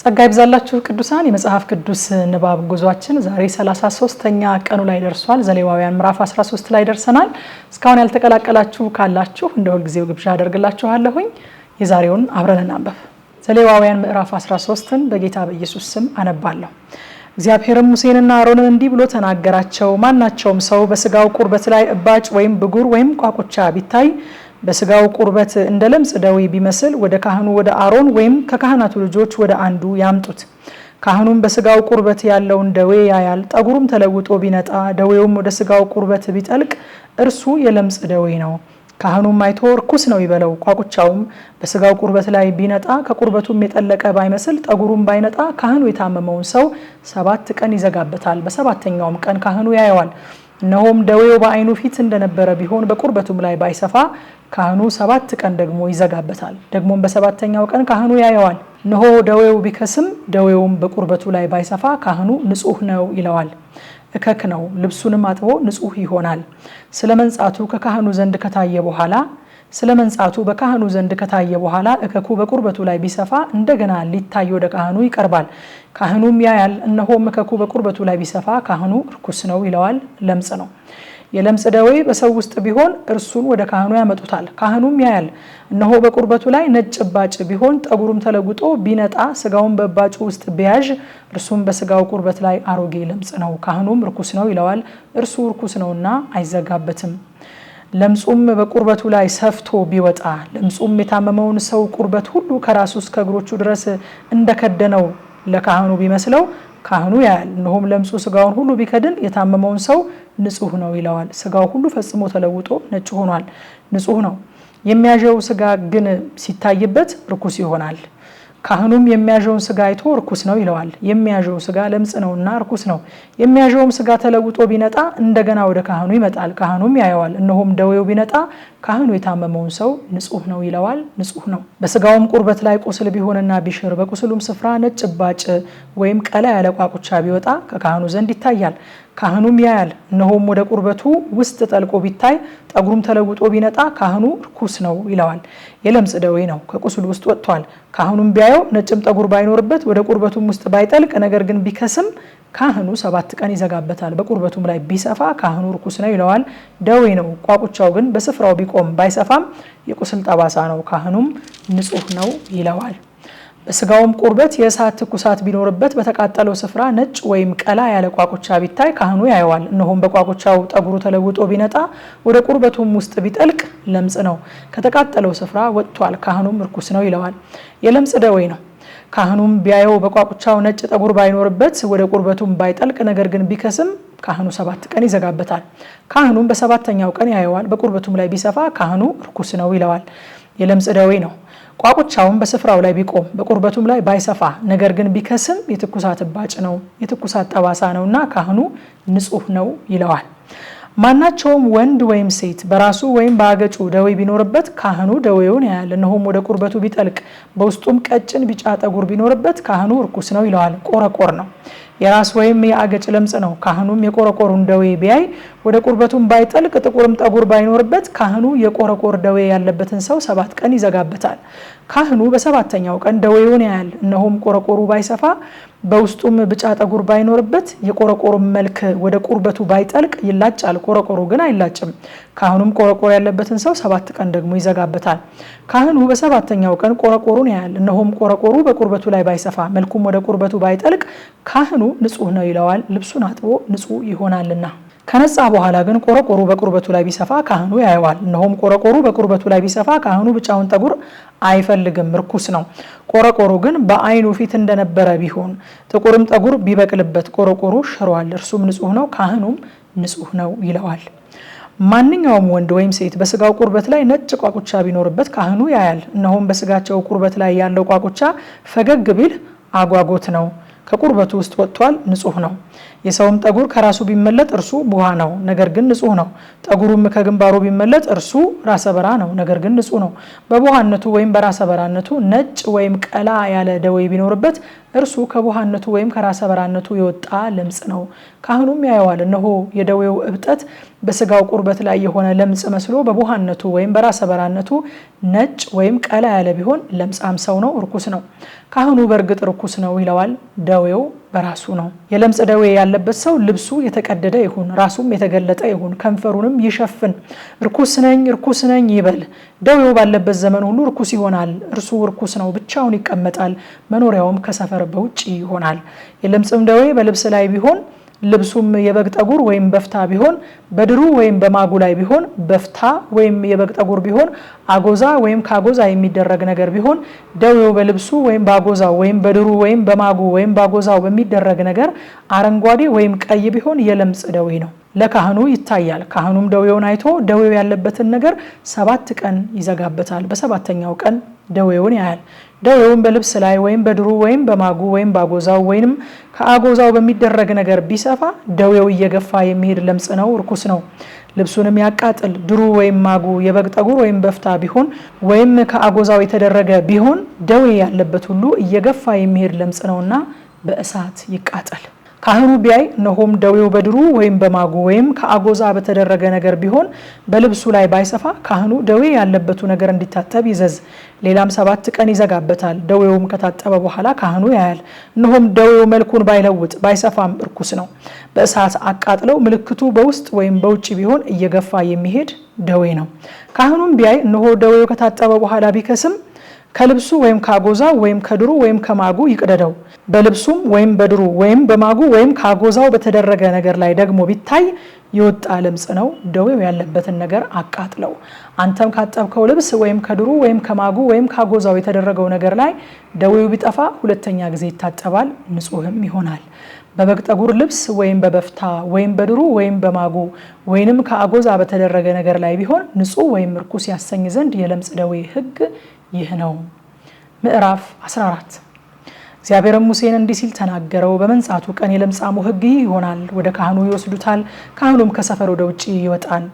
ጸጋ ይብዛላችሁ ቅዱሳን። የመጽሐፍ ቅዱስ ንባብ ጉዟችን ዛሬ 33ተኛ ቀኑ ላይ ደርሷል። ዘሌዋውያን ምዕራፍ 13 ላይ ደርሰናል። እስካሁን ያልተቀላቀላችሁ ካላችሁ እንደ ሁልጊዜው ግብዣ አደርግላችኋለሁኝ። የዛሬውን አብረን እናንበብ። ዘሌዋውያን ምዕራፍ 13ን በጌታ በኢየሱስ ስም አነባለሁ። እግዚአብሔርም ሙሴንና አሮንን እንዲህ ብሎ ተናገራቸው። ማናቸውም ሰው በስጋው ቁርበት ላይ እባጭ ወይም ብጉር ወይም ቋቁቻ ቢታይ በስጋው ቁርበት እንደ ለምጽ ደዌ ቢመስል ወደ ካህኑ ወደ አሮን ወይም ከካህናቱ ልጆች ወደ አንዱ ያምጡት። ካህኑም በስጋው ቁርበት ያለውን ደዌ ያያል። ጠጉሩም ተለውጦ ቢነጣ ደዌውም ወደ ስጋው ቁርበት ቢጠልቅ እርሱ የለምጽ ደዌ ነው። ካህኑም አይቶ ርኩስ ነው ይበለው። ቋቁቻውም በስጋው ቁርበት ላይ ቢነጣ ከቁርበቱም የጠለቀ ባይመስል ጠጉሩም ባይነጣ ካህኑ የታመመውን ሰው ሰባት ቀን ይዘጋበታል። በሰባተኛውም ቀን ካህኑ ያየዋል። እነሆም ደዌው በዓይኑ ፊት እንደነበረ ቢሆን በቁርበቱም ላይ ባይሰፋ ካህኑ ሰባት ቀን ደግሞ ይዘጋበታል። ደግሞም በሰባተኛው ቀን ካህኑ ያየዋል። እነሆ ደዌው ቢከስም ደዌውም በቁርበቱ ላይ ባይሰፋ ካህኑ ንጹሕ ነው ይለዋል። እከክ ነው። ልብሱንም አጥቦ ንጹሕ ይሆናል። ስለ መንጻቱ ከካህኑ ዘንድ ከታየ በኋላ ስለ መንጻቱ በካህኑ ዘንድ ከታየ በኋላ እከኩ በቁርበቱ ላይ ቢሰፋ እንደገና ሊታይ ወደ ካህኑ ይቀርባል። ካህኑም ያያል፣ እነሆም እከኩ በቁርበቱ ላይ ቢሰፋ ካህኑ ርኩስ ነው ይለዋል። ለምጽ ነው። የለምጽ ደዌ በሰው ውስጥ ቢሆን እርሱን ወደ ካህኑ ያመጡታል። ካህኑም ያያል፣ እነሆ በቁርበቱ ላይ ነጭ እባጭ ቢሆን ጠጉሩም ተለውጦ ቢነጣ ስጋውን በእባጩ ውስጥ ቢያዥ እርሱም በስጋው ቁርበት ላይ አሮጌ ለምጽ ነው። ካህኑም ርኩስ ነው ይለዋል። እርሱ ርኩስ ነውና አይዘጋበትም። ለምጹም በቁርበቱ ላይ ሰፍቶ ቢወጣ ለምጹም የታመመውን ሰው ቁርበት ሁሉ ከራሱ እስከ እግሮቹ ድረስ እንደከደነው ለካህኑ ቢመስለው ካህኑ ያያል። እነሆም ለምጹ ስጋውን ሁሉ ቢከድን የታመመውን ሰው ንጹህ ነው ይለዋል። ስጋው ሁሉ ፈጽሞ ተለውጦ ነጭ ሆኗል፣ ንጹህ ነው። የሚያዠው ስጋ ግን ሲታይበት ርኩስ ይሆናል። ካህኑም የሚያዠውን ስጋ አይቶ እርኩስ ነው ይለዋል። የሚያዠው ስጋ ለምጽ ነውና እርኩስ ነው። የሚያዠውም ስጋ ተለውጦ ቢነጣ እንደገና ወደ ካህኑ ይመጣል፣ ካህኑም ያየዋል። እነሆም ደዌው ቢነጣ ካህኑ የታመመውን ሰው ንጹሕ ነው ይለዋል፣ ንጹሕ ነው። በስጋውም ቁርበት ላይ ቁስል ቢሆንና ቢሽር፣ በቁስሉም ስፍራ ነጭ ባጭ ወይም ቀላ ያለ ቋቁቻ ቢወጣ ከካህኑ ዘንድ ይታያል። ካህኑም ያያል፣ እነሆም ወደ ቁርበቱ ውስጥ ጠልቆ ቢታይ ጠጉሩም ተለውጦ ቢነጣ ካህኑ ርኩስ ነው ይለዋል። የለምጽ ደዌ ነው፣ ከቁስል ውስጥ ወጥቷል። ካህኑም ቢያየው ነጭም ጠጉር ባይኖርበት ወደ ቁርበቱም ውስጥ ባይጠልቅ ነገር ግን ቢከስም ካህኑ ሰባት ቀን ይዘጋበታል። በቁርበቱም ላይ ቢሰፋ ካህኑ ርኩስ ነው ይለዋል፣ ደዌ ነው። ቋቁቻው ግን በስፍራው ቢቆም ባይሰፋም የቁስል ጠባሳ ነው፣ ካህኑም ንጹሕ ነው ይለዋል። በስጋውም ቁርበት የእሳት ትኩሳት ቢኖርበት በተቃጠለው ስፍራ ነጭ ወይም ቀላ ያለ ቋቁቻ ቢታይ ካህኑ ያየዋል። እነሆም በቋቁቻው ጠጉሩ ተለውጦ ቢነጣ ወደ ቁርበቱም ውስጥ ቢጠልቅ ለምጽ ነው፣ ከተቃጠለው ስፍራ ወጥቷል፣ ካህኑም እርኩስ ነው ይለዋል። የለምጽ ደዌ ነው። ካህኑም ቢያየው በቋቁቻው ነጭ ጠጉር ባይኖርበት ወደ ቁርበቱም ባይጠልቅ ነገር ግን ቢከስም ካህኑ ሰባት ቀን ይዘጋበታል። ካህኑም በሰባተኛው ቀን ያየዋል፣ በቁርበቱም ላይ ቢሰፋ ካህኑ እርኩስ ነው ይለዋል። የለምጽ ደዌ ነው። ቋቁቻውም በስፍራው ላይ ቢቆም በቁርበቱም ላይ ባይሰፋ ነገር ግን ቢከስም የትኩሳት እባጭ ነው፣ የትኩሳት ጠባሳ ነው እና ካህኑ ንጹህ ነው ይለዋል። ማናቸውም ወንድ ወይም ሴት በራሱ ወይም በአገጩ ደዌ ቢኖርበት ካህኑ ደዌውን ያያል። እነሆም ወደ ቁርበቱ ቢጠልቅ በውስጡም ቀጭን ቢጫ ጠጉር ቢኖርበት ካህኑ እርኩስ ነው ይለዋል። ቆረቆር ነው። የራስ ወይም የአገጭ ለምጽ ነው። ካህኑም የቆረቆሩን ደዌ ቢያይ ወደ ቁርበቱም ባይጠልቅ ጥቁርም ጠጉር ባይኖርበት ካህኑ የቆረቆር ደዌ ያለበትን ሰው ሰባት ቀን ይዘጋበታል። ካህኑ በሰባተኛው ቀን ደዌውን ያያል። እነሆም ቆረቆሩ ባይሰፋ በውስጡም ብጫ ጠጉር ባይኖርበት የቆረቆሩን መልክ ወደ ቁርበቱ ባይጠልቅ ይላጫል፣ ቆረቆሩ ግን አይላጭም። ካህኑም ቆረቆር ያለበትን ሰው ሰባት ቀን ደግሞ ይዘጋበታል። ካህኑ በሰባተኛው ቀን ቆረቆሩን ያያል። እነሆም ቆረቆሩ በቁርበቱ ላይ ባይሰፋ መልኩም ወደ ቁርበቱ ባይጠልቅ ካህኑ ንጹህ ነው ይለዋል፣ ልብሱን አጥቦ ንጹህ ይሆናልና። ከነጻ በኋላ ግን ቆረቆሩ በቁርበቱ ላይ ቢሰፋ ካህኑ ያየዋል። እነሆም ቆረቆሩ በቁርበቱ ላይ ቢሰፋ ካህኑ ብቻውን ጠጉር አይፈልግም፣ ርኩስ ነው። ቆረቆሩ ግን በዓይኑ ፊት እንደነበረ ቢሆን ጥቁርም ጠጉር ቢበቅልበት ቆረቆሩ ሽሯል፣ እርሱም ንጹህ ነው፣ ካህኑም ንጹህ ነው ይለዋል። ማንኛውም ወንድ ወይም ሴት በስጋው ቁርበት ላይ ነጭ ቋቁቻ ቢኖርበት ካህኑ ያያል። እነሆም በስጋቸው ቁርበት ላይ ያለው ቋቁቻ ፈገግ ቢል አጓጎት ነው ከቁርበቱ ውስጥ ወጥቷል፣ ንጹህ ነው። የሰውም ጠጉር ከራሱ ቢመለጥ እርሱ ቡሃ ነው፣ ነገር ግን ንጹህ ነው። ጠጉሩም ከግንባሩ ቢመለጥ እርሱ ራሰ በራ ነው፣ ነገር ግን ንጹህ ነው። በቡሃነቱ ወይም በራሰ በራነቱ ነጭ ወይም ቀላ ያለ ደዌ ቢኖርበት እርሱ ከቡሃነቱ ወይም ከራሰ በራነቱ የወጣ ለምጽ ነው። ካህኑም ያየዋል፣ እነሆ የደዌው እብጠት በስጋው ቁርበት ላይ የሆነ ለምጽ መስሎ በቡሃነቱ ወይም በራሰ በራነቱ ነጭ ወይም ቀላ ያለ ቢሆን ለምጻም ሰው ነው፣ እርኩስ ነው። ካህኑ በእርግጥ እርኩስ ነው ይለዋል፣ ደዌው በራሱ ነው። የለምጽ ደዌ ያለ ያለበት ሰው ልብሱ የተቀደደ ይሁን፣ ራሱም የተገለጠ ይሁን፣ ከንፈሩንም ይሸፍን። እርኩስ ነኝ እርኩስ ነኝ ይበል። ደዌው ባለበት ዘመን ሁሉ እርኩስ ይሆናል። እርሱ እርኩስ ነው፣ ብቻውን ይቀመጣል፣ መኖሪያውም ከሰፈር በውጭ ይሆናል። የለምጽም ደዌ በልብስ ላይ ቢሆን ልብሱም የበግ ጠጉር ወይም በፍታ ቢሆን በድሩ ወይም በማጉ ላይ ቢሆን በፍታ ወይም የበግ ጠጉር ቢሆን አጎዛ ወይም ካጎዛ የሚደረግ ነገር ቢሆን ደዌው በልብሱ ወይም በአጎዛው ወይም በድሩ ወይም በማጉ ወይም በአጎዛው በሚደረግ ነገር አረንጓዴ ወይም ቀይ ቢሆን የለምጽ ደዌ ነው። ለካህኑ ይታያል። ካህኑም ደዌውን አይቶ ደዌው ያለበትን ነገር ሰባት ቀን ይዘጋበታል። በሰባተኛው ቀን ደዌውን ያያል። ደዌውን በልብስ ላይ ወይም በድሩ ወይም በማጉ ወይም ባጎዛው ወይንም ከአጎዛው በሚደረግ ነገር ቢሰፋ ደዌው እየገፋ የሚሄድ ለምጽ ነው፣ እርኩስ ነው። ልብሱንም ያቃጥል። ድሩ ወይም ማጉ የበግ ጠጉር ወይም በፍታ ቢሆን ወይም ከአጎዛው የተደረገ ቢሆን ደዌ ያለበት ሁሉ እየገፋ የሚሄድ ለምጽ ነውና በእሳት ይቃጠል። ካህኑ ቢያይ እነሆም ደዌው በድሩ ወይም በማጉ ወይም ከአጎዛ በተደረገ ነገር ቢሆን በልብሱ ላይ ባይሰፋ ካህኑ ደዌ ያለበቱ ነገር እንዲታጠብ ይዘዝ። ሌላም ሰባት ቀን ይዘጋበታል። ደዌውም ከታጠበ በኋላ ካህኑ ያያል። እነሆም ደዌው መልኩን ባይለውጥ ባይሰፋም እርኩስ ነው። በእሳት አቃጥለው ምልክቱ በውስጥ ወይም በውጭ ቢሆን እየገፋ የሚሄድ ደዌ ነው። ካህኑም ቢያይ እነሆ ደዌው ከታጠበ በኋላ ቢከስም ከልብሱ ወይም ከአጎዛው ወይም ከድሩ ወይም ከማጉ ይቅደደው። በልብሱም ወይም በድሩ ወይም በማጉ ወይም ከአጎዛው በተደረገ ነገር ላይ ደግሞ ቢታይ የወጣ ለምጽ ነው። ደዌው ያለበትን ነገር አቃጥለው። አንተም ካጠብከው ልብስ ወይም ከድሩ ወይም ከማጉ ወይም ከአጎዛው የተደረገው ነገር ላይ ደዌው ቢጠፋ ሁለተኛ ጊዜ ይታጠባል፣ ንጹህም ይሆናል። በበግ ጠጉር ልብስ ወይም በበፍታ ወይም በድሩ ወይም በማጉ ወይንም ከአጎዛ በተደረገ ነገር ላይ ቢሆን ንጹህ ወይም ርኩስ ያሰኝ ዘንድ የለምጽ ደዌ ህግ ይህ ነው። ምዕራፍ 14 እግዚአብሔርም ሙሴን እንዲህ ሲል ተናገረው። በመንጻቱ ቀን የለምጻሙ ህግ ይህ ይሆናል። ወደ ካህኑ ይወስዱታል። ካህኑም ከሰፈር ወደ ውጭ ይወጣል።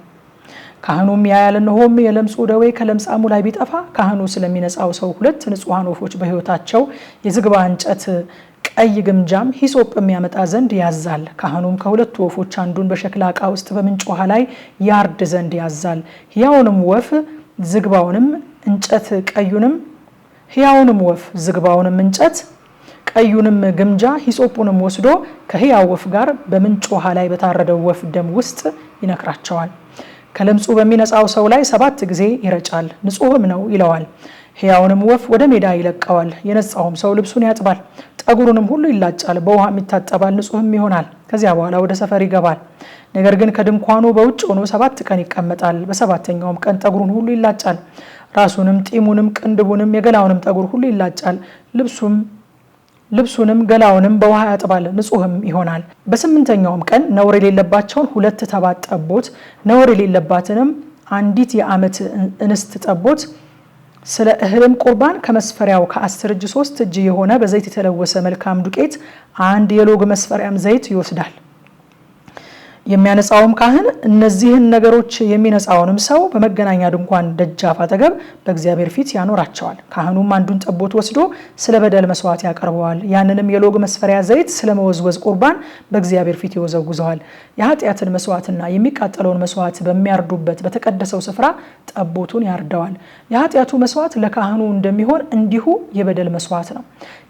ካህኑም ያያል፣ እነሆም የለምጹ ደዌ ከለምጻሙ ላይ ቢጠፋ ካህኑ ስለሚነጻው ሰው ሁለት ንጹሐን ወፎች በሕይወታቸው የዝግባ እንጨት ቀይ ግምጃም ሂሶጵም የሚያመጣ ዘንድ ያዛል። ካህኑም ከሁለቱ ወፎች አንዱን በሸክላ ዕቃ ውስጥ በምንጭ ውሃ ላይ ያርድ ዘንድ ያዛል። ሕያውንም ወፍ ዝግባውንም እንጨት ቀዩንም ሕያውንም ወፍ ዝግባውንም እንጨት ቀዩንም ግምጃ ሂሶፑንም ወስዶ ከሕያው ወፍ ጋር በምንጭ ውሃ ላይ በታረደው ወፍ ደም ውስጥ ይነክራቸዋል። ከለምጹ በሚነጻው ሰው ላይ ሰባት ጊዜ ይረጫል፣ ንጹህም ነው ይለዋል። ሕያውንም ወፍ ወደ ሜዳ ይለቀዋል። የነጻውም ሰው ልብሱን ያጥባል፣ ጠጉሩንም ሁሉ ይላጫል፣ በውሃም ይታጠባል፣ ንጹህም ይሆናል። ከዚያ በኋላ ወደ ሰፈር ይገባል። ነገር ግን ከድንኳኑ በውጭ ሆኖ ሰባት ቀን ይቀመጣል። በሰባተኛውም ቀን ጠጉሩን ሁሉ ይላጫል፣ ራሱንም ጢሙንም ቅንድቡንም የገላውንም ጠጉር ሁሉ ይላጫል። ልብሱም ልብሱንም ገላውንም በውሃ ያጥባል፣ ንጹህም ይሆናል። በስምንተኛውም ቀን ነውር የሌለባቸውን ሁለት ተባት ጠቦት፣ ነውር የሌለባትንም አንዲት የዓመት እንስት ጠቦት ስለ እህልም ቁርባን ከመስፈሪያው ከአስር እጅ ሶስት እጅ የሆነ በዘይት የተለወሰ መልካም ዱቄት አንድ የሎግ መስፈሪያም ዘይት ይወስዳል። የሚያነጻውም ካህን እነዚህን ነገሮች የሚነጻውንም ሰው በመገናኛ ድንኳን ደጃፍ አጠገብ በእግዚአብሔር ፊት ያኖራቸዋል። ካህኑም አንዱን ጠቦት ወስዶ ስለ በደል መስዋዕት ያቀርበዋል። ያንንም የሎግ መስፈሪያ ዘይት ስለ መወዝወዝ ቁርባን በእግዚአብሔር ፊት ይወዘውዘዋል። የኃጢአትን መስዋዕትና የሚቃጠለውን መስዋዕት በሚያርዱበት በተቀደሰው ስፍራ ጠቦቱን ያርደዋል። የኃጢአቱ መስዋዕት ለካህኑ እንደሚሆን እንዲሁ የበደል መስዋዕት ነው፣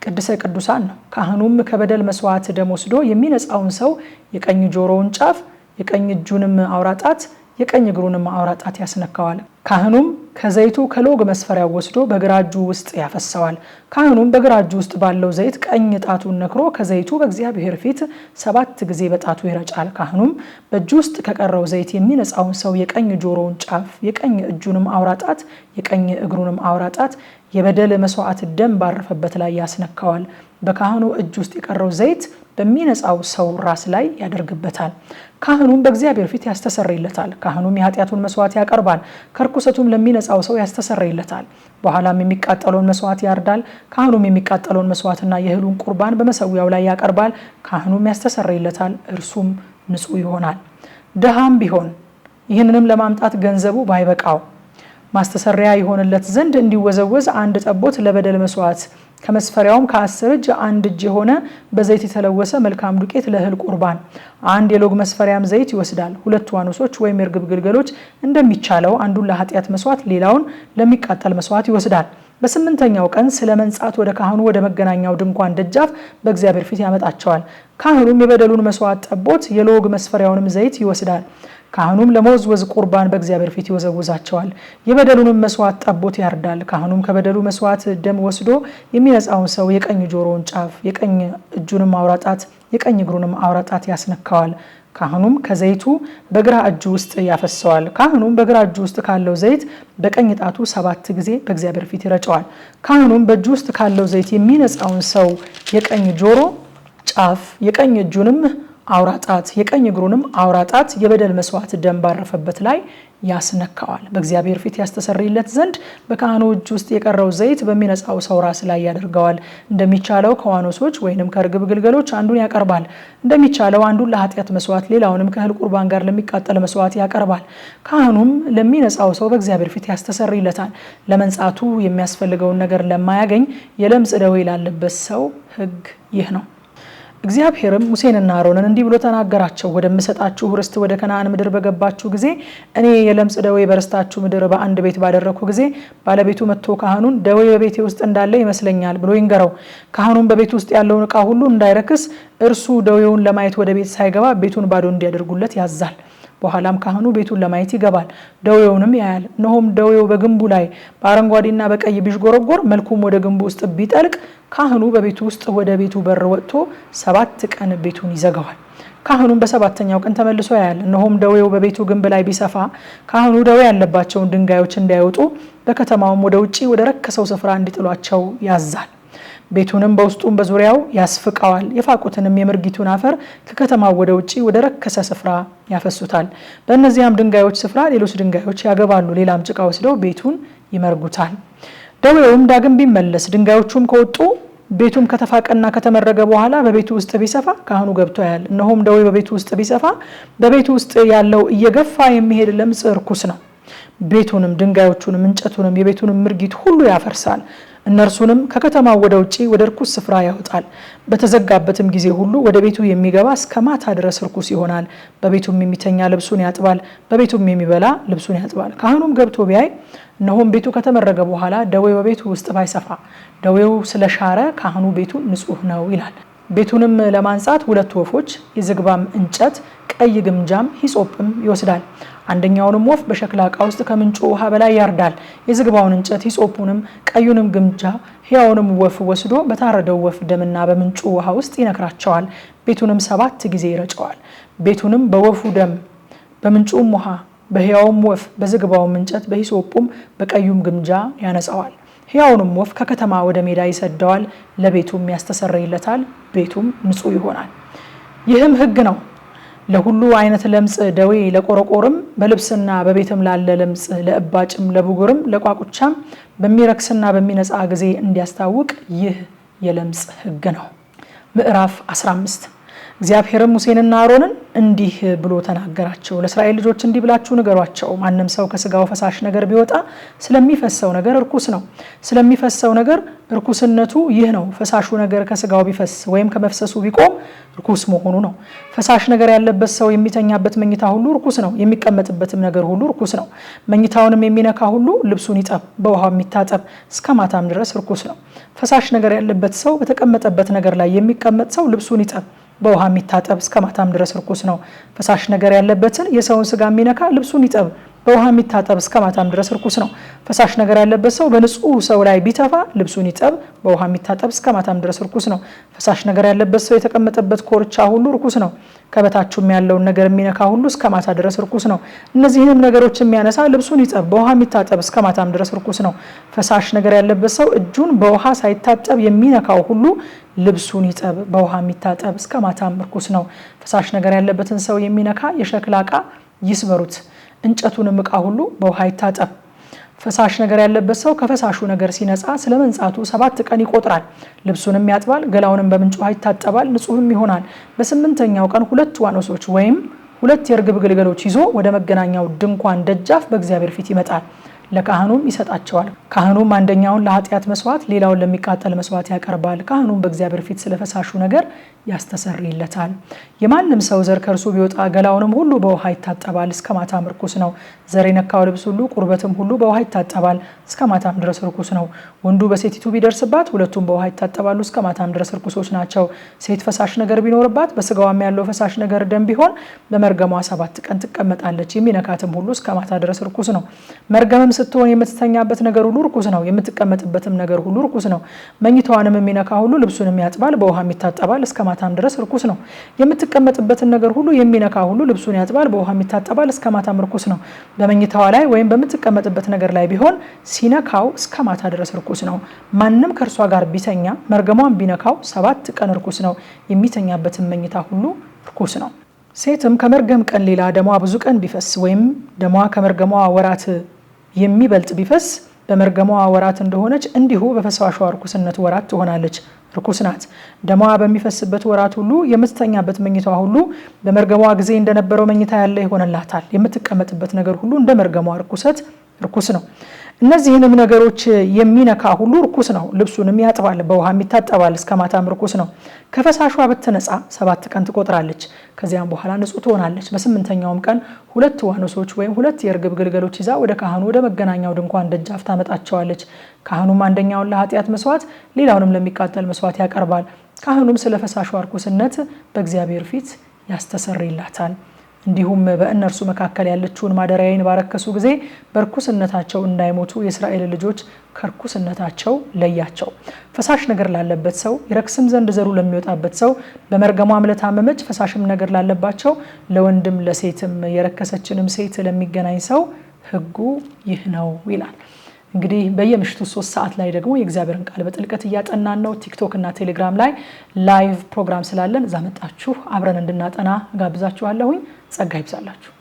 ቅድሰ ቅዱሳን ነው። ካህኑም ከበደል መስዋዕት ደም ወስዶ የሚነጻውን ሰው የቀኝ ጆሮውን ጫፍ የቀኝ እጁንም አውራ ጣት የቀኝ እግሩንም አውራ ጣት ያስነካዋል። ካህኑም ከዘይቱ ከሎግ መስፈሪያ ወስዶ በግራ እጁ ውስጥ ያፈሰዋል። ካህኑም በግራ እጁ ውስጥ ባለው ዘይት ቀኝ ጣቱን ነክሮ ከዘይቱ በእግዚአብሔር ፊት ሰባት ጊዜ በጣቱ ይረጫል። ካህኑም በእጁ ውስጥ ከቀረው ዘይት የሚነጻውን ሰው የቀኝ ጆሮውን ጫፍ፣ የቀኝ እጁንም አውራ ጣት፣ የቀኝ እግሩንም አውራ ጣት፣ የበደል መስዋዕት ደም ባረፈበት ላይ ያስነካዋል። በካህኑ እጅ ውስጥ የቀረው ዘይት በሚነጻው ሰው ራስ ላይ ያደርግበታል። ካህኑም በእግዚአብሔር ፊት ያስተሰርይለታል። ካህኑም የኃጢአቱን መስዋዕት ያቀርባል፣ ከርኩሰቱም ለሚነጻው ሰው ያስተሰርይለታል። በኋላም የሚቃጠለውን መስዋዕት ያርዳል። ካህኑም የሚቃጠለውን መስዋዕትና የእህሉን ቁርባን በመሰዊያው ላይ ያቀርባል። ካህኑም ያስተሰርይለታል፣ እርሱም ንጹሕ ይሆናል። ድሃም ቢሆን ይህንንም ለማምጣት ገንዘቡ ባይበቃው ማስተሰሪያ ይሆንለት ዘንድ እንዲወዘወዝ አንድ ጠቦት ለበደል መስዋዕት ከመስፈሪያውም ከአስር እጅ አንድ እጅ የሆነ በዘይት የተለወሰ መልካም ዱቄት ለእህል ቁርባን አንድ የሎግ መስፈሪያም ዘይት ይወስዳል። ሁለት ዋኖሶች ወይም የርግብ ግልገሎች እንደሚቻለው አንዱን ለኃጢአት መስዋዕት ሌላውን ለሚቃጠል መስዋዕት ይወስዳል። በስምንተኛው ቀን ስለ መንጻት ወደ ካህኑ ወደ መገናኛው ድንኳን ደጃፍ በእግዚአብሔር ፊት ያመጣቸዋል። ካህኑም የበደሉን መስዋዕት ጠቦት የሎግ መስፈሪያውንም ዘይት ይወስዳል። ካህኑም ለመወዝወዝ ቁርባን በእግዚአብሔር ፊት ይወዘውዛቸዋል። የበደሉንም መስዋዕት ጠቦት ያርዳል። ካህኑም ከበደሉ መስዋዕት ደም ወስዶ የሚነጻውን ሰው የቀኝ ጆሮውን ጫፍ፣ የቀኝ እጁንም አውራጣት፣ የቀኝ እግሩንም አውራጣት ያስነካዋል። ካህኑም ከዘይቱ በግራ እጁ ውስጥ ያፈሰዋል። ካህኑም በግራ እጁ ውስጥ ካለው ዘይት በቀኝ ጣቱ ሰባት ጊዜ በእግዚአብሔር ፊት ይረጨዋል። ካህኑም በእጁ ውስጥ ካለው ዘይት የሚነጻውን ሰው የቀኝ ጆሮ ጫፍ፣ የቀኝ እጁንም አውራ ጣት የቀኝ እግሩንም አውራ ጣት የበደል መስዋዕት ደም ባረፈበት ላይ ያስነካዋል። በእግዚአብሔር ፊት ያስተሰርይለት ዘንድ በካህኑ እጅ ውስጥ የቀረው ዘይት በሚነጻው ሰው ራስ ላይ ያደርገዋል። እንደሚቻለው ከዋኖሶች ወይንም ከርግብ ግልገሎች አንዱን ያቀርባል። እንደሚቻለው አንዱን ለኃጢአት መስዋዕት፣ ሌላውንም ከእህል ቁርባን ጋር ለሚቃጠል መስዋዕት ያቀርባል። ካህኑም ለሚነጻው ሰው በእግዚአብሔር ፊት ያስተሰርይለታል። ለመንጻቱ የሚያስፈልገውን ነገር ለማያገኝ የለምጽ ደዌ ላለበት ሰው ህግ ይህ ነው። እግዚአብሔርም ሙሴንና አሮንን እንዲህ ብሎ ተናገራቸው። ወደምሰጣችሁ ርስት ወደ ከነአን ምድር በገባችሁ ጊዜ እኔ የለምጽ ደዌ በርስታችሁ ምድር በአንድ ቤት ባደረግኩ ጊዜ ባለቤቱ መጥቶ ካህኑን ደዌ በቤቴ ውስጥ እንዳለ ይመስለኛል ብሎ ይንገረው። ካህኑን በቤት ውስጥ ያለውን ዕቃ ሁሉ እንዳይረክስ እርሱ ደዌውን ለማየት ወደ ቤት ሳይገባ ቤቱን ባዶ እንዲያደርጉለት ያዛል። በኋላም ካህኑ ቤቱን ለማየት ይገባል፣ ደዌውንም ያያል። እነሆም ደዌው በግንቡ ላይ በአረንጓዴና በቀይ ቢዥጎረጎር መልኩም ወደ ግንቡ ውስጥ ቢጠልቅ ካህኑ በቤቱ ውስጥ ወደ ቤቱ በር ወጥቶ ሰባት ቀን ቤቱን ይዘጋዋል። ካህኑም በሰባተኛው ቀን ተመልሶ ያያል። እነሆም ደዌው በቤቱ ግንብ ላይ ቢሰፋ ካህኑ ደዌ ያለባቸውን ድንጋዮች እንዳይወጡ በከተማውም ወደ ውጪ ወደ ረከሰው ስፍራ እንዲጥሏቸው ያዛል። ቤቱንም በውስጡም በዙሪያው ያስፍቀዋል። የፋቁትንም የምርጊቱን አፈር ከከተማው ወደ ውጭ ወደ ረከሰ ስፍራ ያፈሱታል። በእነዚያም ድንጋዮች ስፍራ ሌሎች ድንጋዮች ያገባሉ፣ ሌላም ጭቃ ወስደው ቤቱን ይመርጉታል። ደዌውም ዳግም ቢመለስ ድንጋዮቹም ከወጡ ቤቱም ከተፋቀና ከተመረገ በኋላ በቤቱ ውስጥ ቢሰፋ ካህኑ ገብቶ ያያል። እነሆም ደዌ በቤቱ ውስጥ ቢሰፋ በቤቱ ውስጥ ያለው እየገፋ የሚሄድ ለምጽ እርኩስ ነው። ቤቱንም ድንጋዮቹንም እንጨቱንም የቤቱንም ምርጊት ሁሉ ያፈርሳል። እነርሱንም ከከተማው ወደ ውጪ ወደ ርኩስ ስፍራ ያወጣል። በተዘጋበትም ጊዜ ሁሉ ወደ ቤቱ የሚገባ እስከ ማታ ድረስ ርኩስ ይሆናል። በቤቱም የሚተኛ ልብሱን ያጥባል፣ በቤቱም የሚበላ ልብሱን ያጥባል። ካህኑም ገብቶ ቢያይ እነሆም ቤቱ ከተመረገ በኋላ ደዌ በቤቱ ውስጥ ባይሰፋ፣ ደዌው ስለሻረ ካህኑ ቤቱ ንጹሕ ነው ይላል። ቤቱንም ለማንጻት ሁለት ወፎች የዝግባም እንጨት ቀይ ግምጃም ሂሶፕም ይወስዳል። አንደኛውንም ወፍ በሸክላ ዕቃ ውስጥ ከምንጩ ውሃ በላይ ያርዳል። የዝግባውን እንጨት ሂሶፑንም፣ ቀዩንም ግምጃ ሕያውንም ወፍ ወስዶ በታረደው ወፍ ደምና በምንጩ ውሃ ውስጥ ይነክራቸዋል። ቤቱንም ሰባት ጊዜ ይረጨዋል። ቤቱንም በወፉ ደም በምንጩም ውሃ በሕያውም ወፍ በዝግባውም እንጨት በሂሶፑም በቀዩም ግምጃ ያነጻዋል። ሕያውንም ወፍ ከከተማ ወደ ሜዳ ይሰደዋል። ለቤቱም ያስተሰረይለታል። ቤቱም ንጹሕ ይሆናል። ይህም ሕግ ነው ለሁሉ አይነት ለምጽ ደዌ ለቆረቆርም በልብስና በቤትም ላለ ለምጽ ለእባጭም ለብጉርም ለቋቁቻም በሚረክስና በሚነጻ ጊዜ እንዲያስታውቅ ይህ የለምጽ ሕግ ነው። ምዕራፍ 15 እግዚአብሔርም ሙሴንና አሮንን እንዲህ ብሎ ተናገራቸው። ለእስራኤል ልጆች እንዲህ ብላችሁ ንገሯቸው፣ ማንም ሰው ከስጋው ፈሳሽ ነገር ቢወጣ ስለሚፈሰው ነገር እርኩስ ነው። ስለሚፈሰው ነገር እርኩስነቱ ይህ ነው፣ ፈሳሹ ነገር ከስጋው ቢፈስ ወይም ከመፍሰሱ ቢቆም እርኩስ መሆኑ ነው። ፈሳሽ ነገር ያለበት ሰው የሚተኛበት መኝታ ሁሉ እርኩስ ነው፣ የሚቀመጥበትም ነገር ሁሉ እርኩስ ነው። መኝታውንም የሚነካ ሁሉ ልብሱን ይጠብ፣ በውሃው የሚታጠብ እስከ ማታም ድረስ እርኩስ ነው። ፈሳሽ ነገር ያለበት ሰው በተቀመጠበት ነገር ላይ የሚቀመጥ ሰው ልብሱን ይጠብ በውሃ የሚታጠብ እስከ ማታም ድረስ እርኩስ ነው። ፈሳሽ ነገር ያለበትን የሰውን ስጋ የሚነካ ልብሱን ይጠብ፣ በውሃ የሚታጠብ እስከ ማታም ድረስ እርኩስ ነው። ፈሳሽ ነገር ያለበት ሰው በንጹህ ሰው ላይ ቢተፋ ልብሱን ይጠብ፣ በውሃ የሚታጠብ እስከ ማታም ድረስ እርኩስ ነው። ፈሳሽ ነገር ያለበት ሰው የተቀመጠበት ኮርቻ ሁሉ እርኩስ ነው። ከበታችሁም ያለውን ነገር የሚነካ ሁሉ እስከ ማታ ድረስ እርኩስ ነው። እነዚህንም ነገሮች የሚያነሳ ልብሱን ይጠብ፣ በውሃ የሚታጠብ እስከ ማታም ድረስ እርኩስ ነው። ፈሳሽ ነገር ያለበት ሰው እጁን በውሃ ሳይታጠብ የሚነካው ሁሉ ልብሱን ይጠብ፣ በውሃ የሚታጠብ እስከ ማታም ርኩስ ነው። ፈሳሽ ነገር ያለበትን ሰው የሚነካ የሸክላ ዕቃ ይስበሩት፣ እንጨቱንም ዕቃ ሁሉ በውሃ ይታጠብ። ፈሳሽ ነገር ያለበት ሰው ከፈሳሹ ነገር ሲነጻ ስለ መንጻቱ ሰባት ቀን ይቆጥራል። ልብሱንም ያጥባል፣ ገላውንም በምንጭ ውሃ ይታጠባል፣ ንጹህም ይሆናል። በስምንተኛው ቀን ሁለት ዋኖሶች ወይም ሁለት የርግብ ግልገሎች ይዞ ወደ መገናኛው ድንኳን ደጃፍ በእግዚአብሔር ፊት ይመጣል። ለካህኑም ይሰጣቸዋል። ካህኑም አንደኛውን ለኃጢአት መስዋዕት፣ ሌላውን ለሚቃጠል መስዋዕት ያቀርባል። ካህኑም በእግዚአብሔር ፊት ስለ ፈሳሹ ነገር ያስተሰርይለታል። የማንም ሰው ዘር ከእርሱ ቢወጣ ገላውንም ሁሉ በውሃ ይታጠባል፣ እስከ ማታም ርኩስ ነው። ዘር የነካው ልብስ ሁሉ ቁርበትም ሁሉ በውሃ ይታጠባል፣ እስከ ማታም ድረስ ርኩስ ነው። ወንዱ በሴቲቱ ቢደርስባት ሁለቱም በውሃ ይታጠባሉ፣ እስከ ማታም ድረስ ርኩሶች ናቸው። ሴት ፈሳሽ ነገር ቢኖርባት በስጋዋም ያለው ፈሳሽ ነገር ደም ቢሆን በመርገሟ ሰባት ቀን ትቀመጣለች። የሚነካትም ሁሉ እስከ ማታ ድረስ ርኩስ ነው። መርገምም ስትሆን የምትተኛበት ነገር ሁሉ ርኩስ ነው፣ የምትቀመጥበትም ነገር ሁሉ ርኩስ ነው። መኝታዋንም የሚነካ ሁሉ ልብሱንም ያጥባል፣ በውሃም ይታጠባል፣ እስከ ማታም ድረስ ርኩስ ነው። የምትቀመጥበትን ነገር ሁሉ የሚነካ ሁሉ ልብሱን ያጥባል፣ በውሃም ይታጠባል፣ እስከ ማታም ርኩስ ነው። በመኝታዋ ላይ ወይም በምትቀመጥበት ነገር ላይ ቢሆን ሲነካው እስከ ማታ ድረስ ርኩስ ነው። ማንም ከእርሷ ጋር ቢተኛ መርገሟን ቢነካው ሰባት ቀን ርኩስ ነው። የሚተኛበትን መኝታ ሁሉ ርኩስ ነው። ሴትም ከመርገም ቀን ሌላ ደሟ ብዙ ቀን ቢፈስ ወይም ደሟ ከመርገሟ ወራት የሚበልጥ ቢፈስ በመርገሟ ወራት እንደሆነች እንዲሁ በፈሳሿ ርኩስነት ወራት ትሆናለች። ርኩስ ናት። ደሟ በሚፈስበት ወራት ሁሉ የምትተኛበት መኝታዋ ሁሉ በመርገሟ ጊዜ እንደነበረው መኝታ ያለ ይሆንላታል። የምትቀመጥበት ነገር ሁሉ እንደ መርገሟ ርኩሰት ርኩስ ነው። እነዚህንም ነገሮች የሚነካ ሁሉ ርኩስ ነው። ልብሱንም ያጥባል፣ በውሃም ይታጠባል፣ እስከ ማታም ርኩስ ነው። ከፈሳሿ ብትነጻ ሰባት ቀን ትቆጥራለች፣ ከዚያም በኋላ ንጹህ ትሆናለች። በስምንተኛውም ቀን ሁለት ዋኖሶች ወይም ሁለት የእርግብ ግልገሎች ይዛ ወደ ካህኑ ወደ መገናኛው ድንኳን ደጃፍ ታመጣቸዋለች። ካህኑም አንደኛውን ለኃጢአት መስዋዕት፣ ሌላውንም ለሚቃጠል መስዋዕት ያቀርባል። ካህኑም ስለ ፈሳሿ ርኩስነት በእግዚአብሔር ፊት ያስተሰርይላታል። እንዲሁም በእነርሱ መካከል ያለችውን ማደሪያዬን ባረከሱ ጊዜ በርኩስነታቸው እንዳይሞቱ የእስራኤል ልጆች ከርኩስነታቸው ለያቸው። ፈሳሽ ነገር ላለበት ሰው ይረክስም ዘንድ ዘሩ ለሚወጣበት ሰው በመርገሟም ለታመመች ፈሳሽም ነገር ላለባቸው ለወንድም ለሴትም የረከሰችንም ሴት ለሚገናኝ ሰው ሕጉ ይህ ነው ይላል። እንግዲህ በየምሽቱ ሶስት ሰዓት ላይ ደግሞ የእግዚአብሔርን ቃል በጥልቀት እያጠናን ነው። ቲክቶክ እና ቴሌግራም ላይ ላይቭ ፕሮግራም ስላለን እዛ መጣችሁ አብረን እንድናጠና ጋብዛችኋለሁኝ። ጸጋ ይብዛላችሁ።